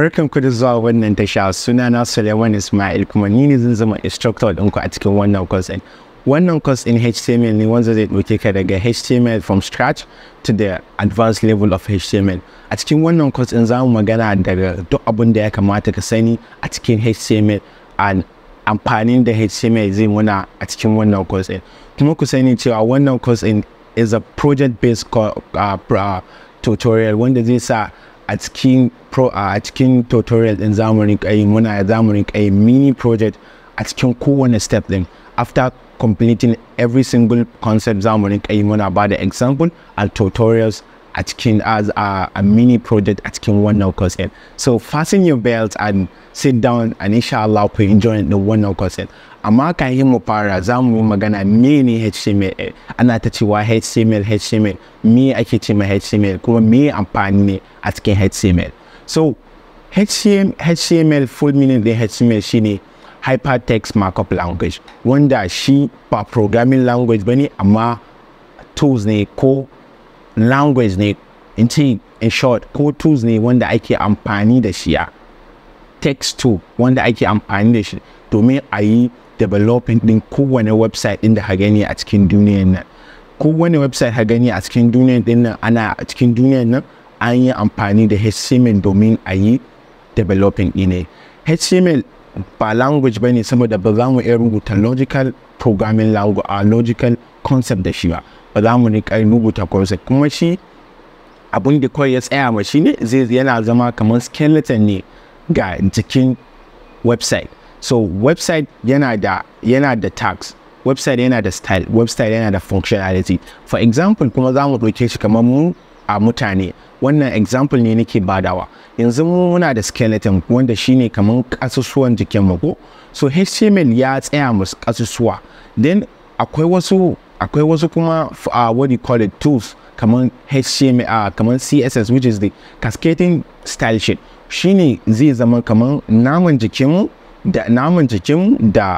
Barkan ku da zuwa wannan tasha suna na Suleiman Ismail kuma ni ne zan zama instructor ɗinku a cikin wannan course ɗin. Wannan course in HTML ne wanda zai ɗauke ka daga HTML from scratch to the advanced level of HTML. A cikin wannan course in za mu magana daga duk abin da ya kamata ka sani a cikin HTML and amfanin da HTML zai muna a cikin wannan course ɗin. Kuma ku sani cewa wannan course ɗin is a project-based uh, tutorial wanda zai sa a cikin pro a cikin tutorial din zamanin kai muna zamanin kai mini project a cikin kowane step din after completing every single concept zamani kai muna ba da example and tutorials a cikin as a, a mini project a cikin wannan course din so fasten your belt and sit down and inshallah ku enjoy the wannan course din amma kafin mu fara za mu yi magana mini HTML ana ta cewa HTML HTML me ake ce ma HTML kuma me amfani ne a cikin HTML so HTML, HTML full meaning the HTML shine hypertext markup language wanda shi ba programming language bane amma tools ne ko language ne in ce in short ko tools ne wanda ake amfani da shi a text tool wanda ake amfani da shi domin a yi developing din kowane website din da ha gani a cikin duniyar nan kowane website ha gani a cikin duniyar din nan ana a cikin duniyar nan an yi amfani da HTML domin a yi developing ne HTML ba language ba ne saboda ba za mu iya rubuta logical programming language a logical concept da shi ba ba za mu riƙa rubuta concept kuma shi abin da kawai ya tsaya ma shi ne zai yana zama kamar skeleton ne ga jikin website so website yana da yana da tags website yana da style website yana da functionality for example kuma za mu ɗauke shi kamar mu a mutane wannan example ne nake badawa yanzu muna da skeleton wanda shine kamar kasusuwan jikin mu ko so html ya tsaya mu kasusuwa then akwai wasu akwai wasu kuma uh, what do you call it tools kamar HTML uh, ah, kamar CSS which is the cascading style sheet shine zai zama kamar naman jikinmu da naman jikinmu da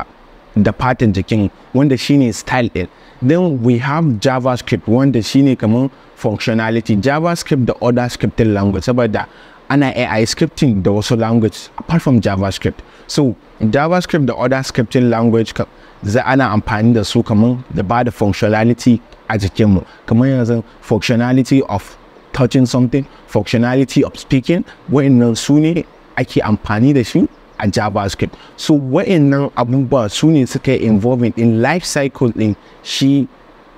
da fatan jikin wanda shine style din then we have javascript wanda shine kamar functionality javascript da other scripting language saboda ana AI scripting da wasu language apart from JavaScript. So JavaScript da other scripting language za ana amfani da su kamar da ba da functionality a jikinmu. Kamar yanzu functionality of touching something, functionality of speaking, wa'annan su ne ake amfani da shi a JavaScript. So wa'annan abubuwa su ne suka yi involving in life cycle din shi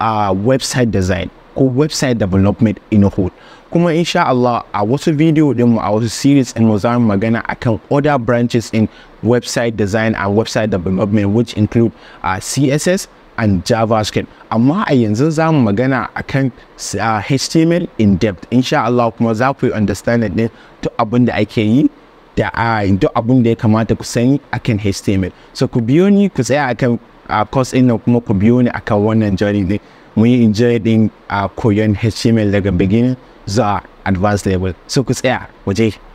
a uh, website design. ko website development hood kuma insha Allah a wasu video dinmu a wasu series in mu zamu magana akan other branches in website design and website development which include uh, CSS and JavaScript amma a yanzu za mu magana akan uh, HTML in depth insha Allah kuma za ku yi understand din duk abin da ake yi da a uh, duk abin da ya kamata ku sani akan HTML so ku biyo ni ku tsaya akan a uh, course ɗin kuma ku biyo ni akan wannan journey din mun yi enjoy din uh, a koyon HTML daga beginning zuwa advanced level so ku tsaya waje